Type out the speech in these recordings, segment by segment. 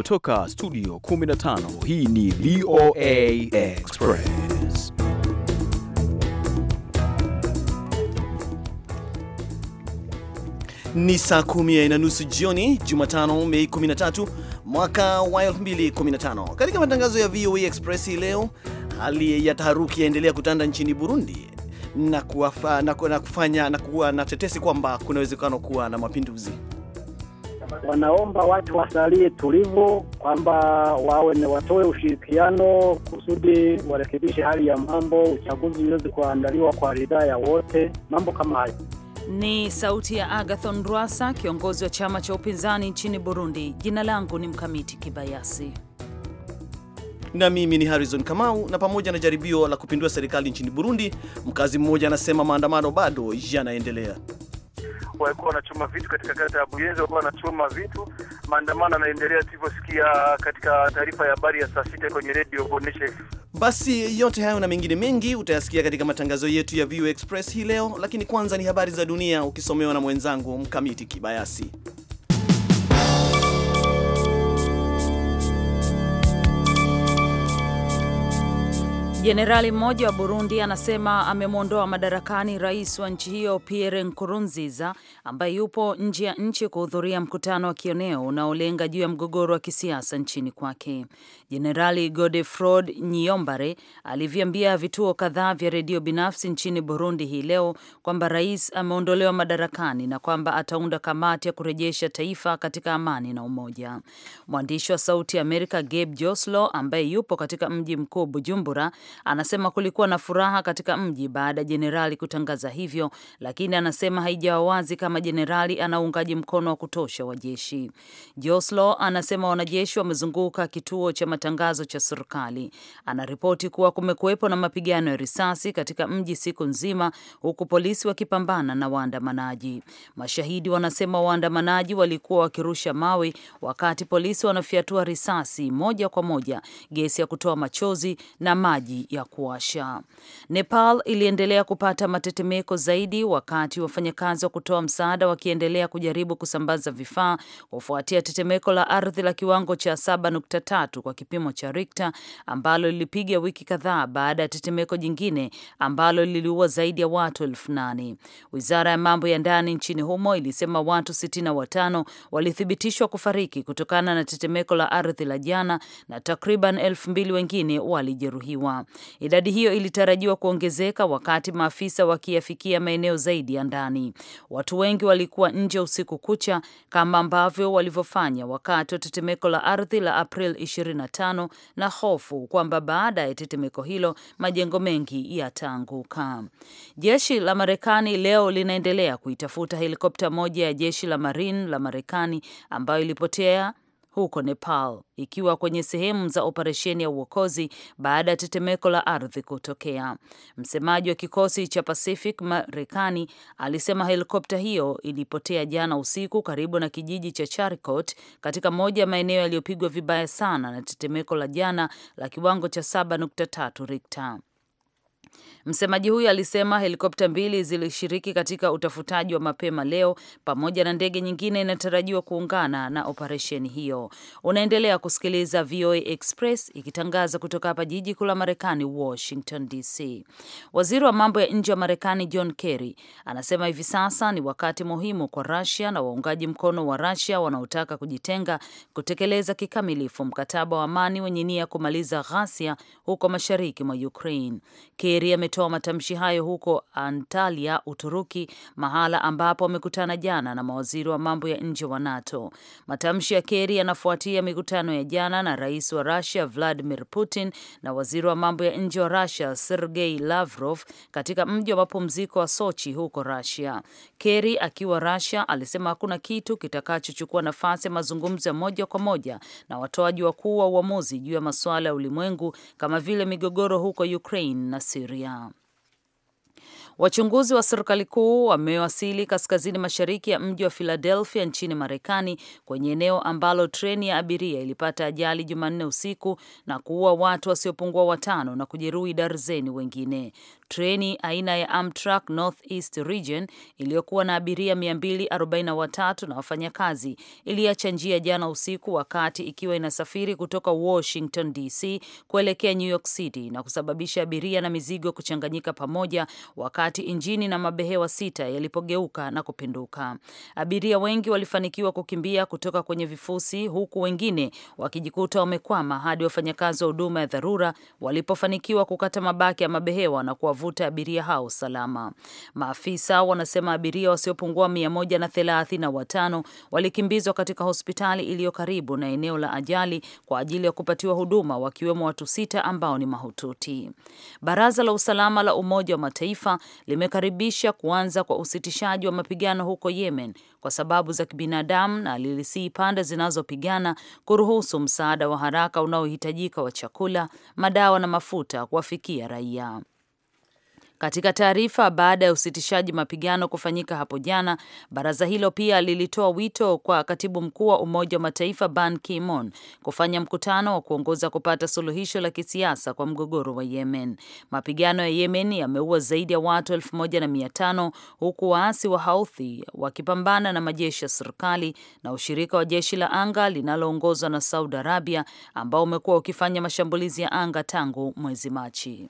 kutoka studio 15 hii ni VOA Express ni saa kumi na nusu jioni Jumatano Mei 13 mwaka wa 2015 katika matangazo ya VOA Express hii leo hali ya taharuki yaendelea kutanda nchini Burundi na, kuwafa, na, na kufanya na kuwa na tetesi kwamba kuna uwezekano kuwa na mapinduzi wanaomba watu wasalie tulivu, kwamba wawe ni watoe ushirikiano kusudi warekebishe hali ya mambo, uchaguzi uweze kuandaliwa kwa ridhaa ya wote, mambo kama hayo. Ni sauti ya Agathon Rwasa, kiongozi wa chama cha upinzani nchini Burundi. Jina langu ni Mkamiti Kibayasi na mimi ni Harrison Kamau. Na pamoja na jaribio la kupindua serikali nchini Burundi, mkazi mmoja anasema maandamano bado yanaendelea walikuwa wanachoma vitu katika kata ya Buyenzi, walikuwa wanachoma vitu. Maandamano yanaendelea tulivyosikia katika taarifa ya habari ya saa sita kwenye redio Bonesha. Basi yote hayo na mengine mengi utayasikia katika matangazo yetu ya VOA Express hii leo, lakini kwanza ni habari za dunia ukisomewa na mwenzangu Mkamiti Kibayasi. Jenerali mmoja wa Burundi anasema amemwondoa madarakani rais wa nchi hiyo Pierre Nkurunziza ambaye yupo nje ya nchi kuhudhuria mkutano wa kioneo unaolenga juu ya mgogoro wa kisiasa nchini kwake. Jenerali Godefroid Nyombare aliviambia vituo kadhaa vya redio binafsi nchini Burundi hii leo kwamba rais ameondolewa madarakani na kwamba ataunda kamati ya kurejesha taifa katika amani na umoja. Mwandishi wa Sauti ya Amerika Gabe Joslow ambaye yupo katika mji mkuu Bujumbura Anasema kulikuwa na furaha katika mji baada ya jenerali kutangaza hivyo, lakini anasema haijawa wazi kama jenerali ana uungaji mkono wa kutosha wa jeshi. Joslo anasema wanajeshi wamezunguka kituo cha matangazo cha serikali. Anaripoti kuwa kumekuwepo na mapigano ya risasi katika mji siku nzima, huku polisi wakipambana na waandamanaji. Mashahidi wanasema waandamanaji walikuwa wakirusha mawe wakati polisi wanafyatua risasi moja kwa moja, gesi ya kutoa machozi na maji ya kuwasha. Nepal iliendelea kupata matetemeko zaidi, wakati wafanyakazi wa kutoa msaada wakiendelea kujaribu kusambaza vifaa kufuatia tetemeko la ardhi la kiwango cha 7.3 kwa kipimo cha Richter ambalo lilipiga wiki kadhaa baada ya tetemeko jingine ambalo liliua zaidi ya watu elfu nane. Wizara ya mambo ya ndani nchini humo ilisema watu sitini watano walithibitishwa kufariki kutokana na tetemeko la ardhi la jana na takriban elfu mbili wengine walijeruhiwa. Idadi hiyo ilitarajiwa kuongezeka wakati maafisa wakiyafikia maeneo zaidi ya ndani. Watu wengi walikuwa nje usiku kucha kama ambavyo walivyofanya wakati wa tetemeko la ardhi la April 25 na hofu kwamba baada ya tetemeko hilo majengo mengi yataanguka. Jeshi la Marekani leo linaendelea kuitafuta helikopta moja ya jeshi la Marine la Marekani ambayo ilipotea huko Nepal, ikiwa kwenye sehemu za operesheni ya uokozi baada ya tetemeko la ardhi kutokea. Msemaji wa kikosi cha Pacific Marekani alisema helikopta hiyo ilipotea jana usiku karibu na kijiji cha Charikot katika moja ya maeneo yaliyopigwa vibaya sana na tetemeko la jana la kiwango cha 7.3 Richter. Msemaji huyo alisema helikopta mbili zilishiriki katika utafutaji wa mapema leo, pamoja na ndege nyingine inatarajiwa kuungana na operesheni hiyo. Unaendelea kusikiliza VOA Express ikitangaza kutoka hapa jiji kuu la Marekani, Washington DC. Waziri wa mambo ya nje wa Marekani John Kerry anasema hivi sasa ni wakati muhimu kwa rasia na waungaji mkono wa rasia wanaotaka kujitenga kutekeleza kikamilifu mkataba wa amani wenye nia ya kumaliza ghasia huko mashariki mwa Ukraine. Kerry ametoa matamshi hayo huko Antalya, Uturuki, mahala ambapo amekutana jana na mawaziri wa mambo ya nje wa NATO. Matamshi ya Keri yanafuatia mikutano ya jana na rais wa Rusia Vladimir Putin na waziri wa mambo ya nje wa Rusia Sergei Lavrov katika mji wa mapumziko wa Sochi huko Rusia. Keri akiwa Rusia alisema hakuna kitu kitakachochukua nafasi ya mazungumzo ya moja kwa moja na watoaji wakuu wa uamuzi juu ya masuala ya ulimwengu kama vile migogoro huko Ukraine na Siria. Wachunguzi wa serikali kuu wamewasili kaskazini mashariki ya mji wa Philadelphia nchini Marekani, kwenye eneo ambalo treni ya abiria ilipata ajali Jumanne usiku na kuua watu wasiopungua watano na kujeruhi darzeni wengine. Treni aina ya Amtrak Northeast Region iliyokuwa na abiria 243 na wafanyakazi iliacha njia jana usiku wakati ikiwa inasafiri kutoka Washington DC kuelekea New York City na kusababisha abiria na mizigo kuchanganyika pamoja wakati injini na mabehewa sita yalipogeuka na kupinduka. Abiria wengi walifanikiwa kukimbia kutoka kwenye vifusi huku wengine wakijikuta wamekwama hadi wafanyakazi wa huduma ya dharura walipofanikiwa kukata mabaki ya mabehewa na kuwa kuwavuta abiria hao salama. Maafisa wanasema abiria wasiopungua mia moja na thelathini na watano walikimbizwa katika hospitali iliyo karibu na eneo la ajali kwa ajili ya kupatiwa huduma, wakiwemo watu sita ambao ni mahututi. Baraza la usalama la Umoja wa Mataifa limekaribisha kuanza kwa usitishaji wa mapigano huko Yemen kwa sababu za kibinadamu na lilisii pande zinazopigana kuruhusu msaada wa haraka unaohitajika wa chakula, madawa na mafuta kuwafikia raia. Katika taarifa baada ya usitishaji mapigano kufanyika hapo jana, baraza hilo pia lilitoa wito kwa katibu mkuu wa Umoja wa Mataifa Ban Ki-moon kufanya mkutano wa kuongoza kupata suluhisho la kisiasa kwa mgogoro wa Yemen. Mapigano ya Yemen yameua zaidi ya watu 15 huku waasi wa Houthi wakipambana na majeshi ya serikali na ushirika wa jeshi la anga linaloongozwa na Saudi Arabia ambao umekuwa ukifanya mashambulizi ya anga tangu mwezi Machi.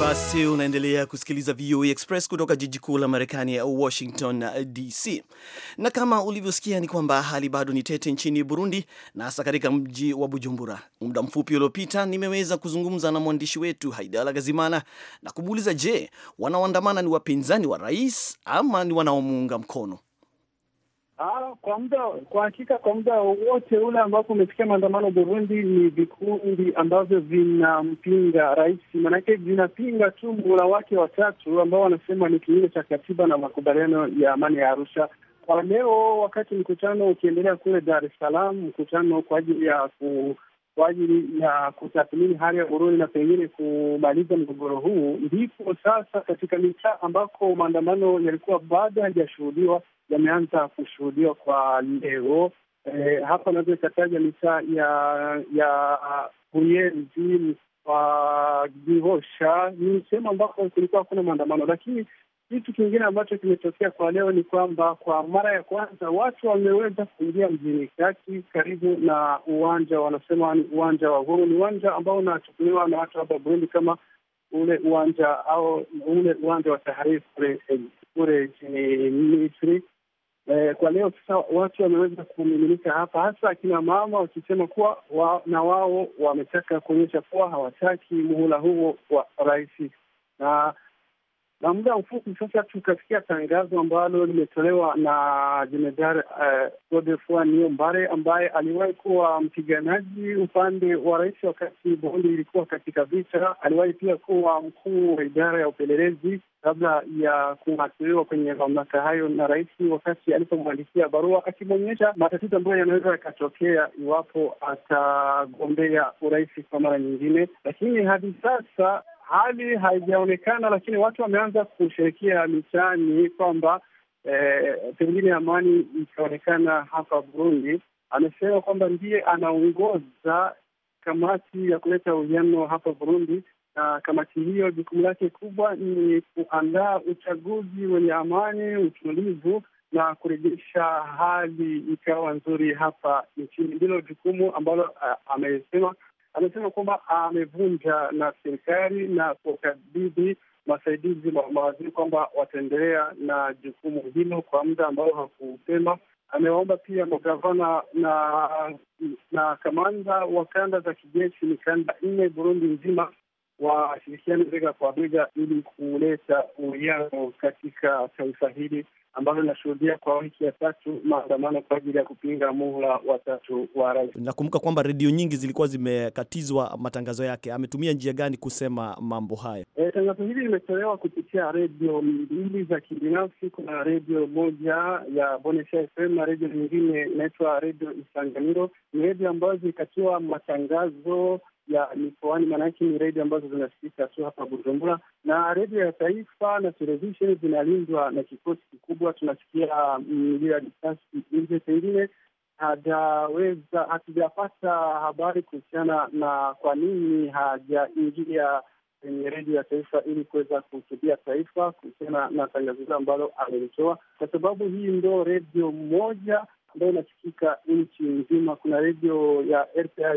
Basi unaendelea kusikiliza VOA Express kutoka jiji kuu la Marekani ya Washington uh, DC, na kama ulivyosikia ni kwamba hali bado ni tete nchini Burundi na hasa katika mji wa Bujumbura. Muda mfupi uliopita nimeweza kuzungumza na mwandishi wetu Haidala Gazimana na kumuuliza, je, wanaoandamana ni wapinzani wa rais ama ni wanaomuunga mkono? Ah, kwa muda kwa hakika, kwa muda wowote ule ambapo umefikia maandamano Burundi, ni vikundi ambavyo vinampinga rais, maanake vinapinga tu muhula wake watatu ambao wanasema ni kinyume cha katiba na makubaliano ya amani ya Arusha. Kwa leo, wakati mkutano ukiendelea kule Dar es Salaam, mkutano kwa ajili ya ku kwa ajili ya kutathmini hali ya Burundi na pengine kumaliza mgogoro huu, ndipo sasa katika mitaa ambako maandamano yalikuwa bado hajashuhudiwa yameanza kushuhudiwa kwa leo. E, hapa naweza ikataja mitaa ya ya Buyenzi wa Gihosha, ni sehemu ambako kulikuwa hakuna maandamano, lakini kitu kingine ambacho kimetokea kwa leo ni kwamba kwa mara ya kwanza watu wameweza kuingia mjini kati karibu na uwanja wanasema ni uwanja wa Uhuru. Ni uwanja ambao unachukuliwa na watu hapa Burundi kama ule uwanja au ule uwanja wa Tahrir kule eh, nchini Misri, E, kwa leo sasa watu wameweza kumiminika hapa, hasa akina mama wakisema kuwa wa, na wao wametaka kuonyesha kuwa hawataki muhula huo wa rais na na muda mfupi sasa tukasikia tangazo ambalo limetolewa na jemedari eh, Godefroid uh, Niyombare ambaye aliwahi kuwa mpiganaji upande wa rais wakati Burundi ilikuwa katika vita. Aliwahi pia kuwa mkuu wa idara ya upelelezi kabla ya kuachiliwa kwenye mamlaka hayo na rais, wakati alipomwandikia barua akimwonyesha matatizo ambayo yanaweza yakatokea iwapo atagombea urais kwa mara nyingine, lakini hadi sasa hali haijaonekana, lakini watu wameanza kusherekea mitaani kwamba eh, pengine amani itaonekana hapa Burundi. Amesema kwamba ndiye anaongoza kamati ya kuleta uwiano hapa Burundi, na kamati hiyo jukumu lake kubwa ni kuandaa uchaguzi wenye amani, utulivu na kurejesha hali ikawa nzuri hapa nchini. Ndilo jukumu ambalo eh, amesema amesema kwamba amevunja na serikali na kuwakabidhi masaidizi wa mawaziri kwamba wataendelea na jukumu hilo kwa muda ambao hakusema. Amewaomba pia magavana na na kamanda wa kanda za kijeshi, ni kanda nne Burundi nzima, washirikiane bega kwa bega ili kuleta uwiano katika taifa hili ambalo linashuhudia kwa wiki ya tatu maandamano kwa ajili ya kupinga muhula wa tatu wa rais. Nakumbuka kwamba redio nyingi zilikuwa zimekatizwa matangazo yake. Ametumia njia gani kusema mambo haya? E, tangazo hili limetolewa kupitia redio mbili za kibinafsi. Kuna redio moja ya Bonesha FM na redio nyingine inaitwa redio Isanganiro. Ni redio ambazo zilikatiwa matangazo ya mikoani, maanake ni redio ambazo zinasikika tu hapa Bujumbura, na redio ya taifa na televisheni zinalindwa na kikosi kikubwa. Tunasikia milio mm, ya risasi nje, pengine hajaweza hatujapata habari kuhusiana na kwa nini hajaingia kwenye redio ya taifa ili kuweza kuhutubia taifa kuhusiana na tangazo hilo ambalo amelitoa, kwa sababu hii ndo redio moja ambayo inasikika nchi nzima. Kuna redio ya RPA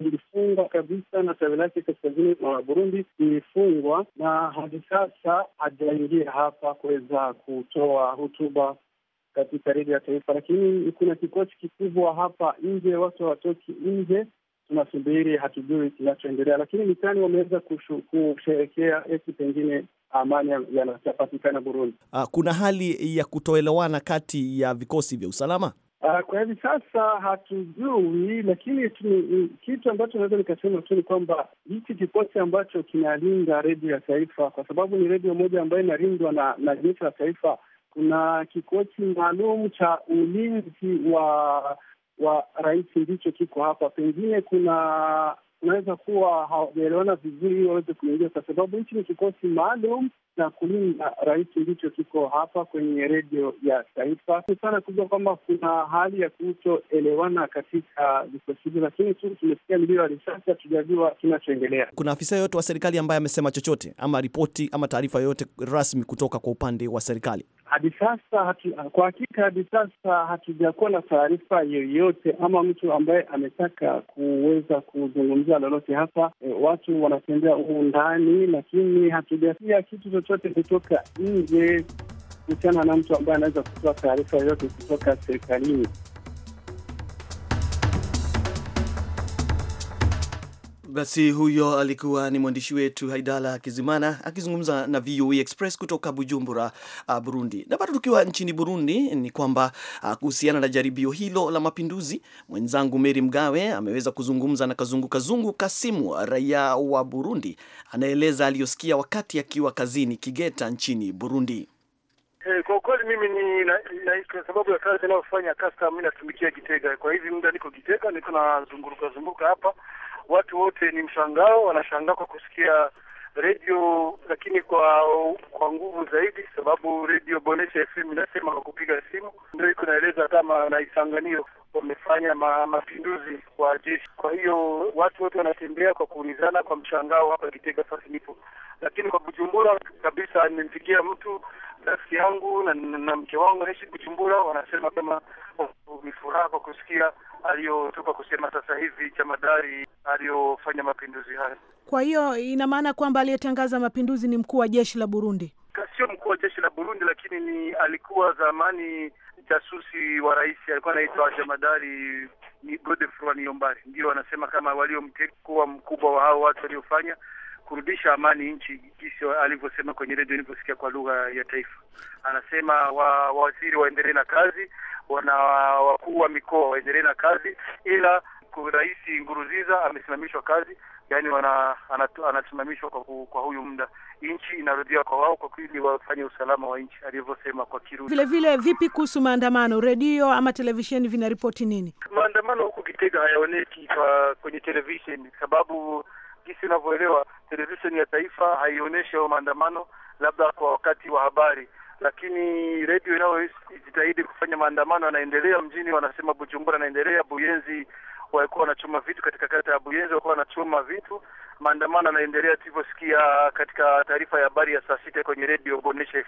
ilifungwa kabisa, na tawi lake kaskazini mwa Burundi ilifungwa, na hadi sasa hajaingia hapa kuweza kutoa hotuba katika redio ya taifa, lakini kuna kikosi kikubwa hapa nje, watu hawatoki nje tunasubiri hatujui kinachoendelea, lakini mitani wameweza kusherekea eti pengine amani yanapatikana Burundi. Ah, kuna hali ya kutoelewana kati ya vikosi vya usalama ah, kwa hivi sasa hatujui, lakini kitu ambacho naweza nikasema tu ni kwamba hichi kikosi ambacho kinalinda redio ya taifa, kwa sababu ni redio moja ambayo inalindwa na na jeshi la taifa, kuna kikosi maalum cha ulinzi wa wa rais ndicho kiko hapa. Pengine kuna unaweza kuwa hawajaelewana vizuri ili waweze kuingia, kwa sababu hichi ni kikosi maalum na kulinda rais ndicho kiko hapa kwenye redio ya taifa. Ni sana kujua kwamba kuna hali ya kutoelewana katika vikosi hivyo, lakini tu tumesikia milio ya risasi, hatujajua kinachoendelea. Kuna afisa yoyote wa serikali ambaye amesema chochote ama ripoti ama taarifa yoyote rasmi kutoka kwa upande wa serikali? Hadi sasa hatu, kwa hakika hadi sasa hatujakuwa na taarifa yoyote ama mtu ambaye ametaka kuweza kuzungumzia lolote hapa. E, watu wanatembea huu ndani, lakini hatujasikia kitu chochote kutoka nje kuhusiana na mtu ambaye anaweza kutoa taarifa yoyote kutoka serikalini. Basi huyo alikuwa ni mwandishi wetu Haidala Kizimana akizungumza na VOA e Express kutoka Bujumbura, ah, Burundi. Na bado tukiwa nchini Burundi, ni kwamba ah, kuhusiana na jaribio hilo la mapinduzi, mwenzangu Meri Mgawe ameweza kuzungumza na Kazungu Kasimu, raia wa Burundi, anaeleza aliyosikia wakati akiwa kazini Kigeta nchini Burundi. Hey, eh, kwa ukweli mimi ni na, na, kwa sababu ya kazi inayofanya custom, mimi natumikia Gitega. Kwa hivi muda niko Gitega, niko nazunguruka hapa watu wote ni mshangao, wanashangaa kwa kusikia redio, lakini kwa kwa nguvu zaidi, sababu redio Bonesha FM inasema kwa kupiga simu ndio iko naeleza kama naisanganio wamefanya ma, mapinduzi kwa jeshi. Kwa hiyo watu wote wanatembea kwa kuulizana kwa mshangao hapa Kitega sasa nipo, lakini kwa Bujumbura kabisa nimempigia mtu rafiki yangu na, na, na mke wangu anaishi Bujumbura, wanasema kama ni furaha kwa kusikia aliyotoka kusema sasa hivi chamadari aliyofanya mapinduzi hayo. Kwa hiyo ina maana kwamba aliyetangaza mapinduzi ni mkuu wa jeshi la Burundi? Sio mkuu wa jeshi la Burundi, lakini ni alikuwa zamani jasusi wa rais alikuwa anaitwa ni Godefroid Niyombare, ndio wanasema kama waliomtekua mkubwa wa hao watu waliofanya kurudisha amani nchi, jinsi alivyosema kwenye redio nilivyosikia kwa lugha ya taifa. Anasema wa, waziri waendelee na kazi, wana wakuu wa mikoa waendelee na kazi, ila Rais Nguruziza amesimamishwa kazi, yani wana, anasimamishwa kwa, kwa huyu muda. Nchi inarudia kwa wao kwa kweli wafanye usalama wa nchi alivyosema kwa Kirusi. Vile vile, vipi kuhusu maandamano? Redio ama televisheni vinaripoti nini? Maandamano huko Kitega hayaoneki kwa kwenye televisheni sababu jinsi unavyoelewa televisheni ya taifa haionyeshi hayo maandamano, labda kwa wakati wa habari, lakini redio inayojitahidi kufanya maandamano yanaendelea mjini, wanasema Bujumbura anaendelea, Buyenzi walikuwa wanachoma vitu katika kata ya Buyenzi, walikuwa wanachoma vitu. Maandamano yanaendelea tulivyosikia katika taarifa ya habari ya saa sita kwenye redio Bonesha,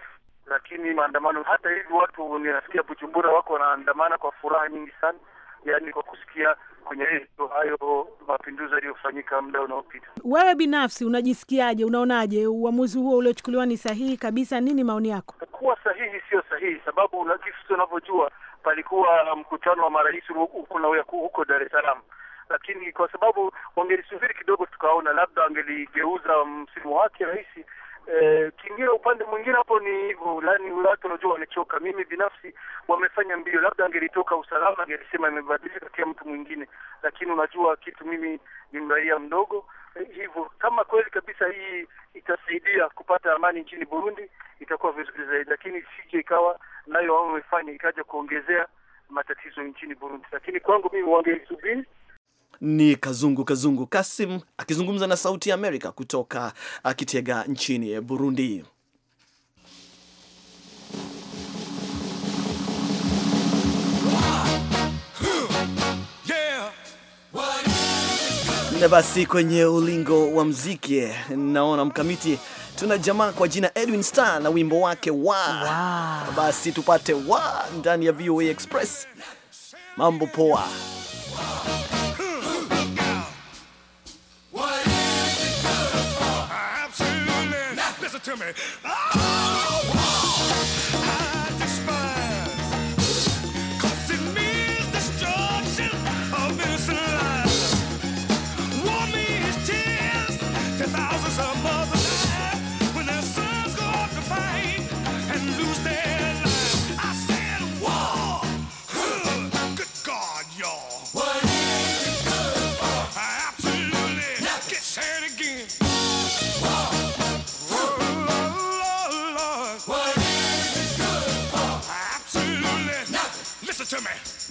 lakini maandamano hata hivi, watu ninasikia Bujumbura wako wanaandamana kwa furaha nyingi sana, yaani kwa kusikia kwenye redio hayo mapinduzi yaliyofanyika muda unaopita. Wewe binafsi unajisikiaje? Unaonaje uamuzi huo uliochukuliwa ni sahihi kabisa? Nini maoni yako? Kuwa sahihi, sio sahihi, sababu kitu unavyojua palikuwa mkutano wa marais na huko Dar es Salaam, lakini kwa sababu wangelisubiri kidogo, tukaona labda angeligeuza msimu wake rais. E, kingine upande mwingine hapo ni hivyo lani, watu unajua wanachoka. Mimi binafsi wamefanya mbio, labda angelitoka usalama angelisema imebadilika katika mtu mwingine, lakini unajua kitu, mimi ni mraia mdogo e, hivyo kama kweli kabisa hii itasaidia kupata amani nchini Burundi itakuwa vizuri zaidi, lakini sije ikawa nayo wao wamefanya ikaja kuongezea matatizo nchini Burundi, lakini kwangu mimi wangeisubiri. Ni Kazungu Kazungu Kasim akizungumza na Sauti ya Amerika kutoka uh, Kitega nchini Burundi. Na basi kwenye ulingo wa mziki naona mkamiti Tuna jamaa kwa jina Edwin Star na wimbo wake wa wow. Basi tupate wa ndani ya VOA Express. Mambo poa. Hmm. Wow. to me.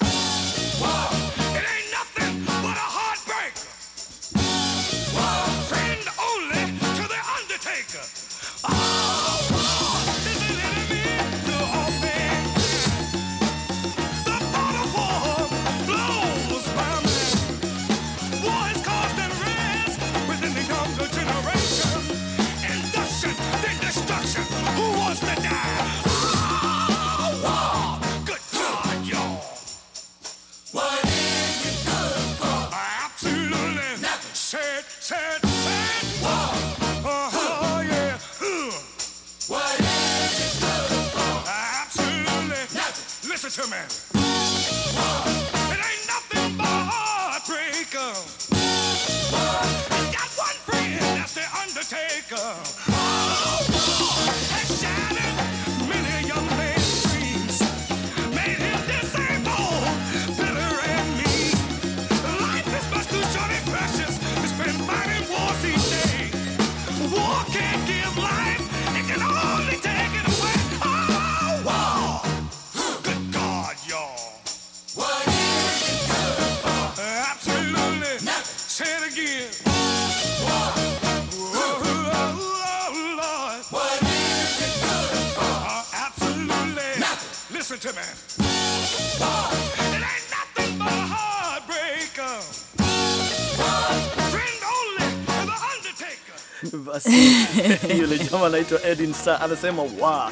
jamaa anaitwa Edin Star anasema wa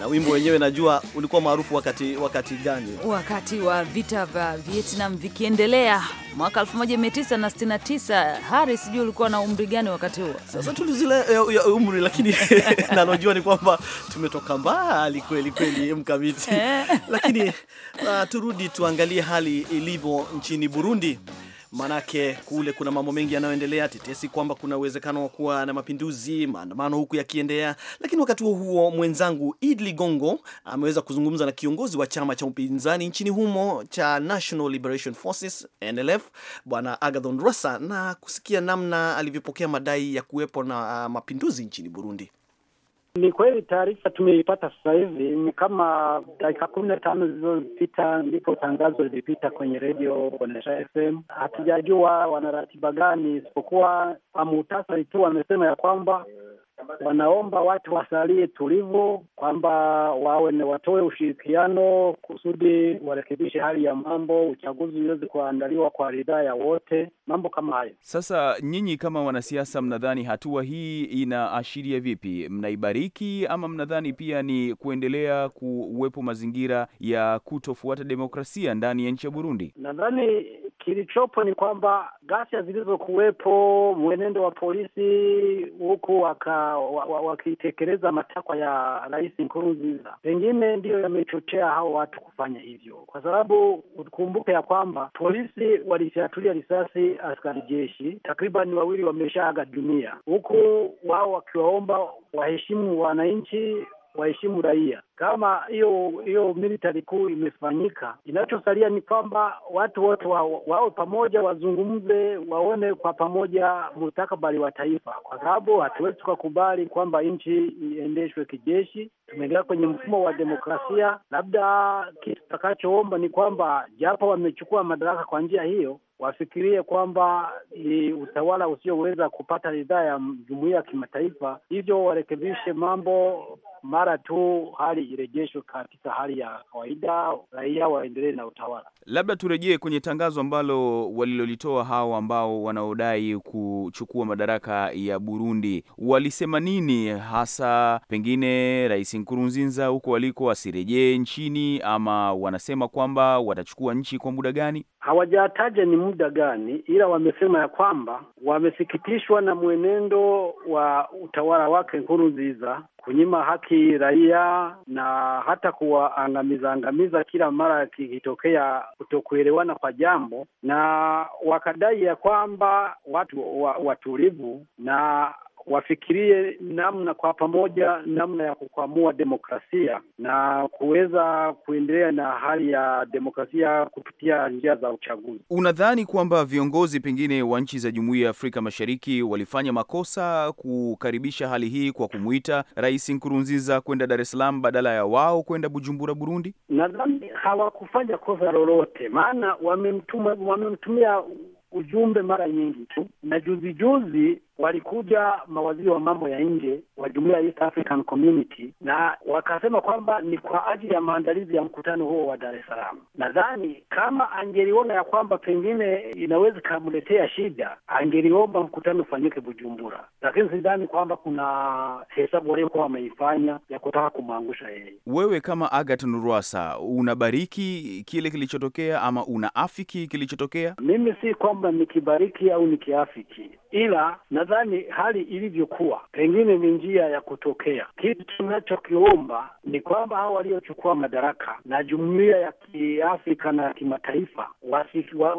na wimbo wenyewe najua ulikuwa maarufu wakati wakati gani? Wakati wa vita vya Vietnam vikiendelea mwaka 1969. Hari, sijui ulikuwa na umri gani wakati huo? Sasa tulizile eh, umri, lakini nalojua ni kwamba tumetoka mbali kweli kweli, mkamiti eh. lakini uh, turudi tuangalie hali ilivyo nchini Burundi. Manake kule kuna mambo mengi yanayoendelea, tetesi kwamba kuna uwezekano wa kuwa na mapinduzi, maandamano huku yakiendea Lakini wakati huo huo, mwenzangu idli gongo ameweza kuzungumza na kiongozi wa chama cha upinzani nchini humo cha National Liberation Forces NLF, Bwana Agathon Rwasa, na kusikia namna alivyopokea madai ya kuwepo na uh, mapinduzi nchini Burundi. Ni kweli taarifa tumeipata sasa hivi, ni kama dakika kumi na tano zilizopita ndipo tangazo lilipita kwenye redio Bonesha FM. Hatujajua wanaratiba gani, isipokuwa kwa muhtasari tu wamesema ya kwamba wanaomba watu wasalie tulivu, kwamba wawe ni watoe ushirikiano kusudi warekebishe hali ya mambo, uchaguzi uweze kuandaliwa kwa ridhaa ya wote, mambo kama hayo. Sasa nyinyi kama wanasiasa, mnadhani hatua hii inaashiria vipi? Mnaibariki ama mnadhani pia ni kuendelea kuwepo mazingira ya kutofuata demokrasia ndani ya nchi ya Burundi? Nadhani Kilichopo ni kwamba ghasia zilizokuwepo, mwenendo wa polisi huku wakitekeleza wa, wa matakwa ya Rais Nkurunziza, pengine ndiyo yamechochea hao watu kufanya hivyo, kwa sababu ukumbuke ya kwamba polisi walifyatulia risasi askari jeshi, takribani wawili wameshaaga dunia, huku wao wakiwaomba waheshimu wananchi waheshimu raia. Kama hiyo hiyo military kuu imefanyika, inachosalia ni kwamba watu wote wawe wa pamoja, wazungumze, waone kwa pamoja mustakabali wa taifa, kwa sababu hatuwezi tukakubali kwamba nchi iendeshwe kijeshi. Tumeendelea kwenye mfumo wa demokrasia. Labda kitu tutakachoomba ni kwamba japo wamechukua madaraka kwa njia hiyo wafikirie kwamba ni utawala usioweza kupata ridhaa ya jumuiya ya kimataifa, hivyo warekebishe mambo mara tu hali irejeshwe katika hali ya kawaida, raia waendelee na utawala. Labda turejee kwenye tangazo ambalo walilolitoa hao ambao wanaodai kuchukua madaraka ya Burundi, walisema nini hasa? Pengine Rais Nkurunziza huko waliko asirejee nchini, ama wanasema kwamba watachukua nchi kwa muda gani? Hawajataja ni muda gani, ila wamesema ya kwamba wamesikitishwa na mwenendo wa utawala wake Nkurunziza kunyima haki raia na hata kuwaangamiza angamiza kila mara kikitokea kutokuelewana kwa jambo, na wakadai ya kwamba watu watulivu na wafikirie namna kwa pamoja, namna ya kukwamua demokrasia na kuweza kuendelea na hali ya demokrasia kupitia njia za uchaguzi. Unadhani kwamba viongozi pengine wa nchi za Jumuiya ya Afrika Mashariki walifanya makosa kukaribisha hali hii kwa kumwita Rais Nkurunziza kwenda Dar es Salaam badala ya wao kwenda Bujumbura, Burundi? Nadhani hawakufanya kosa lolote, maana wamemtuma wamemtumia ujumbe mara nyingi tu, na juzi juzi walikuja mawaziri wa mambo ya nje wa jumuiya ya East African Community na wakasema kwamba ni kwa ajili ya maandalizi ya mkutano huo wa Dar es Salaam. Nadhani kama angeliona ya kwamba pengine inaweza ikamletea shida, angeliomba mkutano ufanyike Bujumbura, lakini sidhani kwamba kuna hesabu waliokuwa wameifanya ya kutaka kumwangusha yeye. Wewe kama Agathon Rwasa unabariki kile kilichotokea ama unaafiki kilichotokea? Mimi si kwamba nikibariki au nikiafiki ila nadhani hali ilivyokuwa pengine ni njia ya kutokea. Kitu tunachokiomba ni kwamba hao waliochukua madaraka na jumuiya ya kiafrika na kimataifa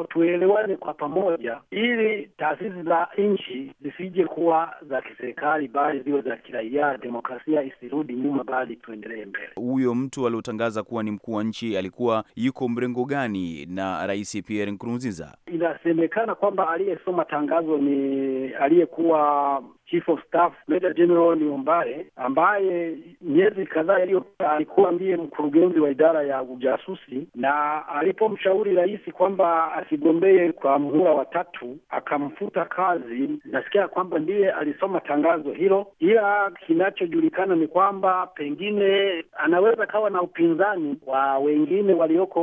tuelewane kwa pamoja, ili taasisi za nchi zisije kuwa za kiserikali, bali ziwe za kiraia, demokrasia isirudi nyuma, bali tuendelee mbele. Huyo mtu aliotangaza kuwa ni mkuu wa nchi alikuwa yuko mrengo gani na Rais Pierre Nkurunziza? Inasemekana kwamba aliyesoma tangazo ni aliyekuwa Chief of Staff Meja General ambaye miezi kadhaa iliyopita alikuwa ndiye mkurugenzi wa idara ya ujasusi, na alipomshauri rais kwamba asigombee kwa muhula wa tatu akamfuta kazi, nasikia kwamba ndiye alisoma tangazo hilo, ila kinachojulikana ni kwamba pengine anaweza kawa na upinzani wa wengine walioko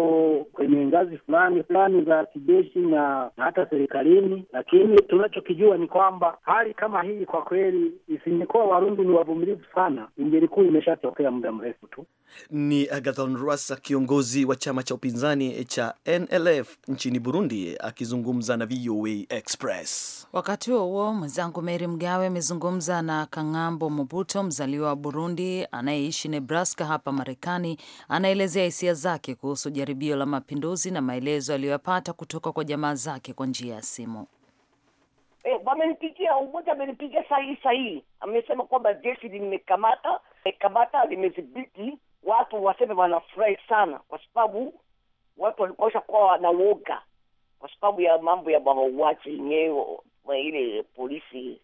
kwenye ngazi fulani fulani za kijeshi na hata serikalini, lakini tunachokijua ni kwamba hali kama hii kwa kweli isingekuwa Warundi ni wavumilivu sana, ingelikuwa imeshatokea muda mrefu tu. Ni Agathon Rwasa, kiongozi wa chama cha upinzani cha NLF nchini Burundi, akizungumza na VOA Express. Wakati huo huo, mwenzangu Mary Mgawe amezungumza na Kang'ambo Mobuto, mzaliwa wa Burundi anayeishi Nebraska hapa Marekani. Anaelezea hisia zake kuhusu jaribio la mapinduzi na maelezo aliyoyapata kutoka kwa jamaa zake kwa njia ya simu eh, wamenipigia umoja, amenipigia sahihi sahihi, amesema kwamba jeshi limekamata kamata limezibiti. Watu waseme wanafurahi sana, kwa sababu watu walikuwa kuwa wanauoga kwa sababu ya mambo ya mauaji yenyewe, ile polisi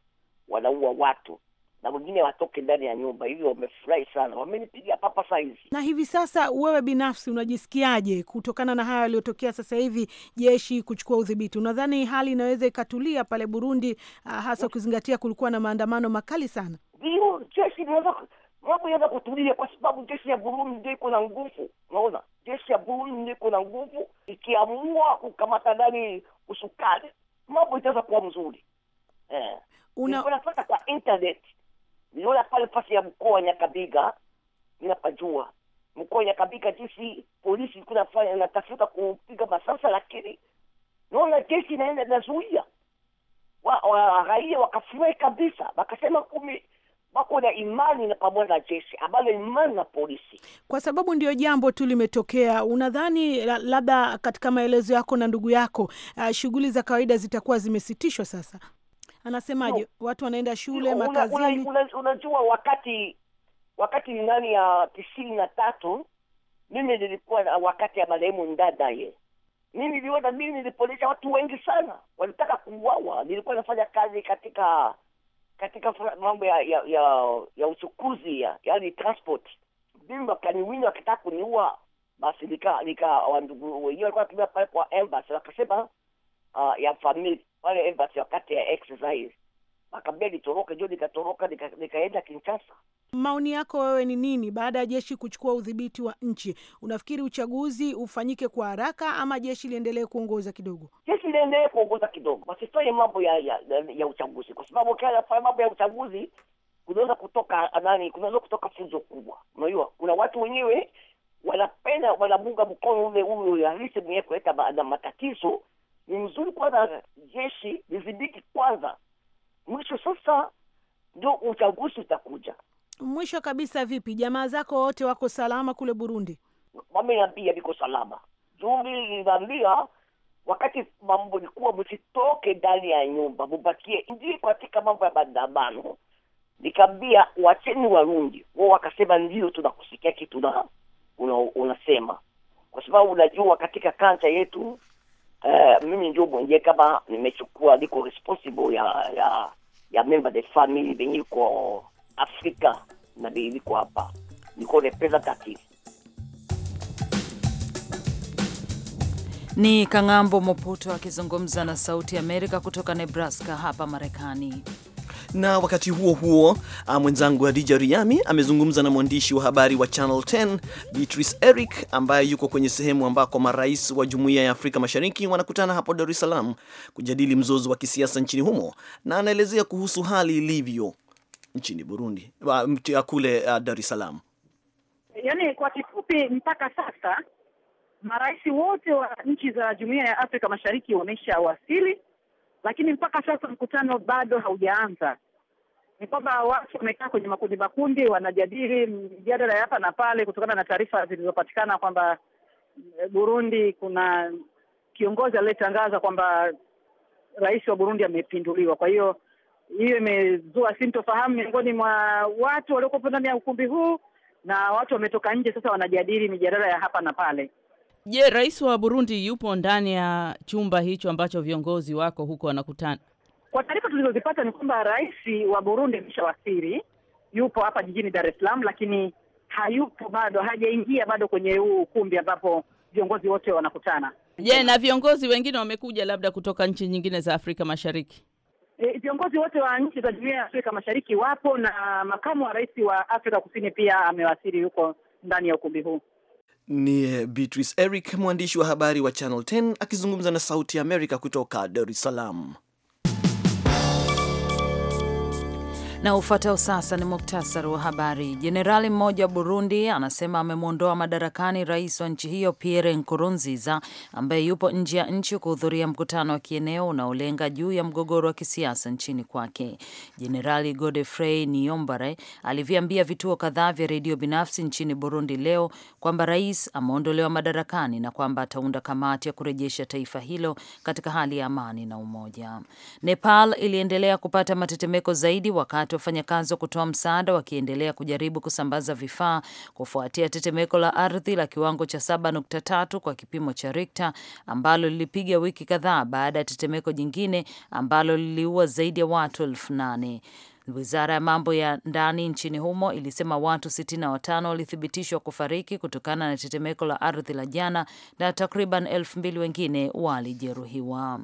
wanaua watu na wengine watoke ndani ya nyumba. Hivyo wamefurahi sana, wamenipigia papa saizi. Na hivi sasa wewe binafsi unajisikiaje kutokana na haya yaliyotokea sasa hivi, jeshi kuchukua udhibiti? Unadhani hali inaweza ikatulia pale Burundi, ah, hasa ukizingatia kulikuwa na maandamano makali sana? Ndio, jeshi inaweza mambo inaweza kutulia kwa sababu jeshi ya Burundi ndio iko na nguvu. Unaona, jeshi ya Burundi ndio iko na nguvu, ikiamua kukamata ndani usukani, mambo itaweza kuwa mzuri eh. Una... kwa internet niona pale pasi ya mkoa wa Nyakabiga, ninapajua mkoa wa Nyakabiga jinsi polisi kunafanya inatafuta kupiga masasa, lakini naona jeshi inaenda inazuia wa, raia wakafurahi kabisa, wakasema kumi wako na imani na pamoja na jeshi ambalo imani na polisi, kwa sababu ndio jambo tu limetokea. Unadhani labda katika maelezo yako na ndugu yako, uh, shughuli za kawaida zitakuwa zimesitishwa sasa? anasemaje? No. watu wanaenda shule no, makazini. Unajua una, una, wakati wakati ndani ya tisini na tatu mimi nilikuwa na wakati ya marehemu Ndadaye, mimi niliona, mimi niliponesha watu wengi sana walitaka kuuawa. Nilikuwa nafanya kazi katika katika mambo ya ya ya, ya uchukuzi ya, yani transport. Mimi wakaniwini wakitaka kuniua, basi nika nika wandugu wenyewe walikuwa natumia pale kwa embassy wakasema, uh, ya famili wale embassy wakati ya exercise wakaambia nitoroke, ndio nikatoroka, nikaenda Kinshasa. Maoni yako wewe ni nini baada ya jeshi kuchukua udhibiti wa nchi? Unafikiri uchaguzi ufanyike kwa haraka ama jeshi liendelee kuongoza kidogo? Jeshi liendelee kuongoza kidogo, wasifanye mambo ya ya, ya uchaguzi, kwa sababu kafanya mambo ya uchaguzi kunaweza kutoka nani, kunaweza kutoka fuzo kubwa. Unajua, kuna watu wenyewe wanapenda wanamunga mkono ule ule rais mwenyewe kuleta matatizo ni mzuri kwanza, jeshi lizindiki kwanza, mwisho sasa ndio uchaguzi utakuja. Mwisho kabisa, vipi, jamaa zako wote wako salama kule Burundi? wameambia viko salama. jumbi linaambia wakati mambo likuwa, msitoke ndani ya nyumba, mubakie ndii katika mambo ya maandamano. Nikaambia wacheni Warundi wao, wakasema ndio, tunakusikia kitu na una, unasema kwa sababu unajua katika kanca yetu Eh, mimi ndio mwenye kama nimechukua liko responsible ya ya ya member de family venye iko Afrika na venye iko hapa, niko representative Ni Kang'ambo Moputo akizungumza na Sauti ya Amerika kutoka Nebraska hapa Marekani. Na wakati huo huo, ah, mwenzangu adija Riami amezungumza na mwandishi wa habari wa Channel 10 Beatrice Eric ambaye yuko kwenye sehemu ambako marais wa Jumuiya ya Afrika Mashariki wanakutana hapo Dar es Salaam kujadili mzozo wa kisiasa nchini humo, na anaelezea kuhusu hali ilivyo nchini Burundi ah, ah, kule Dar es Salaam. Yaani, kwa kifupi, mpaka sasa marais wote wa nchi za Jumuiya ya Afrika Mashariki wameshawasili lakini mpaka sasa mkutano bado haujaanza. Ni kwamba watu wamekaa kwenye makundi makundi, wanajadili mijadala ya hapa na pale, kutokana na taarifa zilizopatikana kwamba eh, Burundi kuna kiongozi aliyetangaza kwamba rais wa Burundi amepinduliwa. Kwa hiyo hiyo imezua sintofahamu miongoni mwa watu waliokuwepo ndani ya ukumbi huu, na watu wametoka nje sasa wanajadili mijadala ya hapa na pale. Je, rais wa Burundi yupo ndani ya chumba hicho ambacho viongozi wako huko wanakutana? Kwa taarifa tulizozipata ni kwamba rais wa Burundi ameshawasili, yupo hapa jijini Dar es Salaam, lakini hayupo bado, hajaingia bado kwenye huu ukumbi ambapo viongozi wote wanakutana. Je, yeah, na viongozi wengine wamekuja labda kutoka nchi nyingine za Afrika Mashariki? E, viongozi wote wa nchi za jumuiya ya Afrika Mashariki wapo na makamu wa rais wa Afrika Kusini pia amewasili yuko ndani ya ukumbi huu. Ni Beatrice Eric, mwandishi wa habari wa Channel 10 akizungumza na Sauti ya Amerika kutoka Dar es Salaam. Na ufuatao sasa ni muktasari wa habari. Jenerali mmoja wa Burundi anasema amemwondoa madarakani rais wa nchi hiyo Pierre Nkurunziza ambaye yupo nje ya nchi kuhudhuria mkutano wa kieneo unaolenga juu ya mgogoro wa kisiasa nchini kwake. Jenerali Godefrey Niyombare aliviambia vituo kadhaa vya redio binafsi nchini Burundi leo kwamba rais ameondolewa madarakani na kwamba ataunda kamati ya kurejesha taifa hilo katika hali ya amani na umoja. Nepal iliendelea kupata matetemeko zaidi wakati Jumatatu, wafanyakazi wa kutoa msaada wakiendelea kujaribu kusambaza vifaa kufuatia tetemeko la ardhi la kiwango cha 7.3 kwa kipimo cha Richter ambalo lilipiga wiki kadhaa baada ya tetemeko jingine ambalo liliua zaidi ya watu elfu nane. Wizara ya mambo ya ndani nchini humo ilisema watu 65 walithibitishwa kufariki kutokana na tetemeko la ardhi la jana na takriban elfu mbili wengine walijeruhiwa.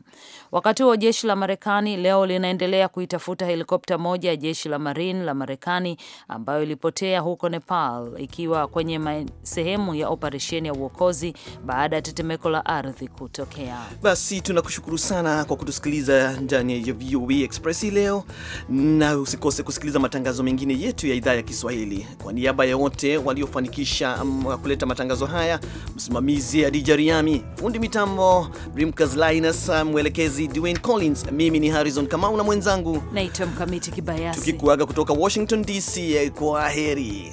Wakati huo jeshi la Marekani leo linaendelea kuitafuta helikopta moja ya jeshi la Marine la Marekani ambayo ilipotea huko Nepal ikiwa kwenye sehemu ya operesheni ya uokozi baada ya tetemeko la ardhi kutokea. Basi tunakushukuru sana kwa kutusikiliza ndani ya VOA e Express leo na usikose kusikiliza matangazo mengine yetu ya idhaa ya Kiswahili. Kwa niaba ya wote waliofanikisha mm, kuleta matangazo haya, msimamizi Adija Riami, fundi mitambo Brimkas Linus, mwelekezi Dwayne Collins, mimi ni Harrison Kamau na mwenzangu naitwa Mkamiti Kibayasi, tukikuaga kutoka Washington DC. Kwa heri.